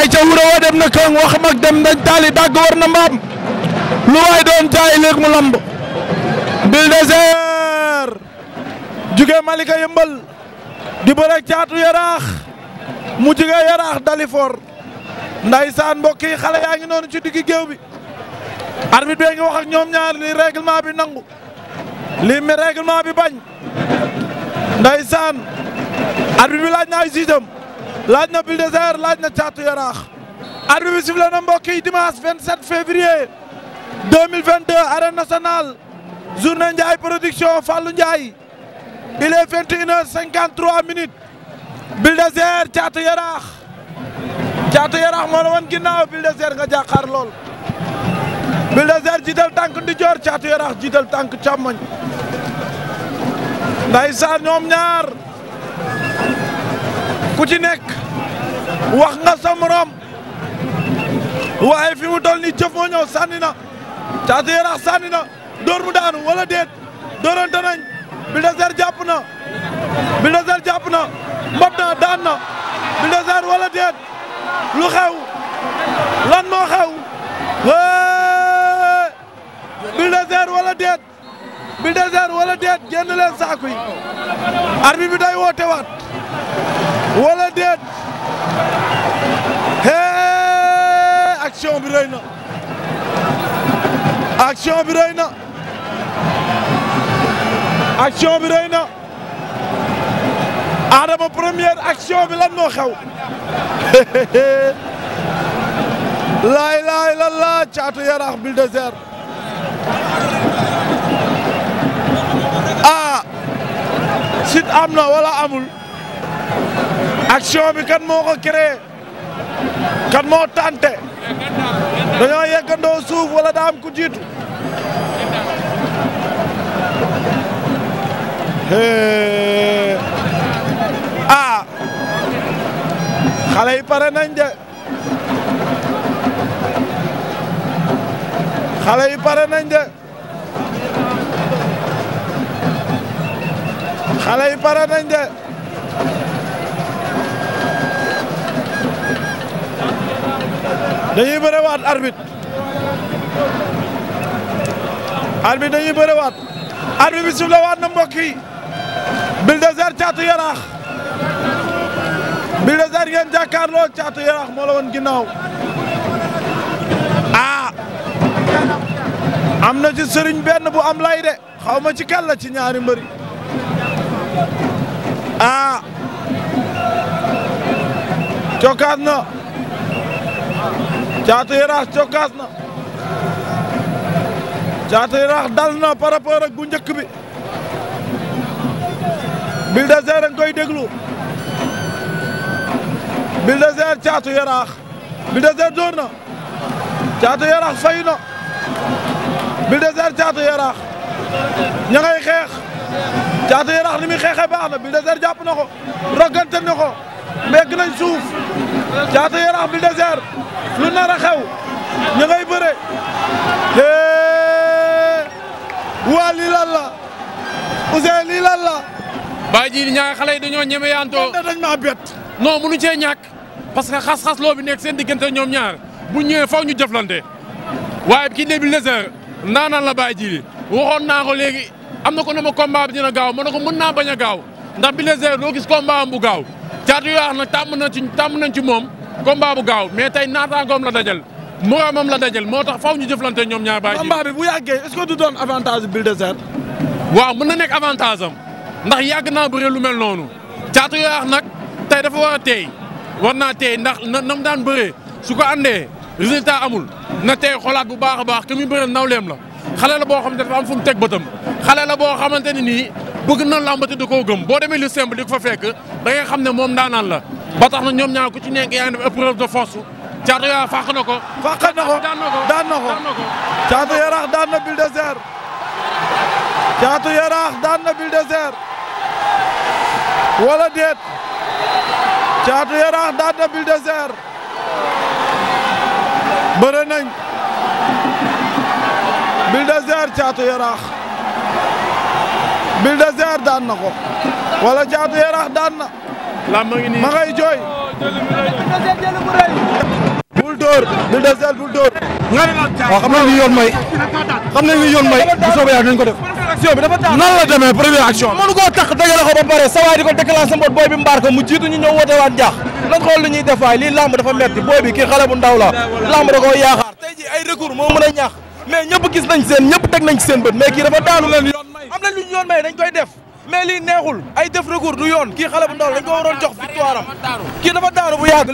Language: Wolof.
ay ca wuro wa dem na këng wax mag dem dañ taali dàgg war na mbaam lu waay doon jaay léeg mu lamb Buldozer juge Malika yëmbal di caatu yaraax mu juge yaraax Dalifort ndaysaan mbokk yi xale yaa ngi noonu ci diggi géew bi arbitre bi ngi wax ak ñoom ñaar li règlement bi nangu li mi bi bañ ndaysaan arbitre bi laaj na ay laaj na Bulldozer laaj na Caatu Yaraax arbitre bi sifflé na mbokk yi dimanche 27 février 2022 arène nationale journée Ndiaye production Fallou Ndiaye il est 21h53 minutes Bulldozer Caatu Yaraax Caatu Yaraax moo la woon ginnaaw Bulldozer nga jàkkaar lool Bulldozer jiital tànk ndijoor Caatu Yaraax jiital tànk càmmoñ ndeysaan ñoom ñaar ku ci nekk wax nga sa waaye fi mu toll ni jëf moo ñëw na Caatu Yaraax sànni na dóor mu daanu wala déet dóorante nañ Buldozer jàpp na Buldozer jàpp na mbot na daan na Buldozer wala déet lu xew lan moo xew wéé Buldozer wala déet Buldozer wala déet génn leen saako bi day woote waat wala déet hee action bi rëy na action bi rëy na action bi rëy na Adama première action bi lan moo xew laay laay lan laa caatu yaraax Bulldozer ah, sit am na wala amul. action bi kan moo ko kan moo tànte dañoo yeggandoo suuf wala daa ku jiitu ah xale yi pare nañ de xale yi pare nañ de xale yi pare nañ de dañuy bëre waat arbitre arbitre dañuy bëre waat bi sifle waat na mbokk yi Buldozer Caatu Yaraax Buldozer ngeen jàkkaarloo Caatu Yaraax moo la woon ginnaaw ah! am na ci sëriñ benn bu am lay de xaw ma ci kan la ci ñaari mbëri ah cokkaat na Caatu Yaraax cokkaas na Caatu Yaraax dal na par rapport ak bu njëkk bi Bulldozer nga koy déglu Bulldozer Caatu Yaraax Bulldozer door na Caatu Yaraax fayu na Bulldozer Caatu Yaraax ña ngay xeex Caatu Yaraax ni muy xeexee baax na Bulldozer jàpp na ko roggante na ko mbégg nañ suuf Caatu Yaraax bi lu nar a xew ña ngay bëre hee waa lii lan la Ousseyn lii lan la. bàyyi ji ñaari xale yi dañoo ñeme yaantoo dañ maa bett. non mënu parce que xas-xas loo bi nekk seen diggante ñoom ñaar bu ñëwee faw ñu jëflante waaye ki début désert ndaanaan la bàyyi ji waxoon naa ko léegi am na ko ne ma combat bi dina gaaw ma ne ko mën naa bañ a gaaw ndax bi désert doo gis combat am bu gaaw. caatu Yoof nag tàmm na ci tàmm nañ ci moom combat bu gaaw mais tey naataangoom la dajal moroomam la dajal moo tax faw ñu jëflante ñoom ñaa bàyyi. combat bi bu yàggee est-ce que du doon avantage Buldozer. waaw mën na nekk avantage ndax yàgg naa bëre lu mel noonu caatu Yoof nag tey dafa war a teey war naa teey ndax na nam daan bëree su ko andee résultat amul na teey xolaat bu baax a baax ki muy bëreel nawleem la xale la boo xam ne dafa am fu mu teg bëtam xale la boo xamante ni nii bëgg na làmb te boo demee lu simple di ko fa fekk da xam ne moom daanaan la ba tax na ñoom ñaar ku ci nekk yaa ngi def épreuve de force caatu yaa fàq na ko fàq na ko daan na ko caatu yaraax daan na Bulldozer caatu yaraax caatu yaraax daan na Bulldozer bëre nañ Bulldozer caatu yaraax Buldozer daan na ko wala Caatu Yaraax daan na. lamb ngi nii ma ngay jooy. bul dóor bul dóor. waaw xam nañ ni yoon may xam nañ ni yoon may bu soobee yàlla nañ ko def. ba pare sa waay di ko déclenché mbot booy ñu ñëw woote waat jaax. lan xool lii lamb dafa metti booy bi kii xale ndaw la lamb da koo yaakaar. tey ay recours moo mën a ñaax mais ñëpp gis nañ seen ñëpp teg nañ ci seen bët kii dafa daanu leen yoon. am na lu ñu yoon may dañ koy def mais lii neexul ay def recours du yoon kii xale bu ndaw dañ ko waroon jox victoire am kii dafa daaru bu yàgg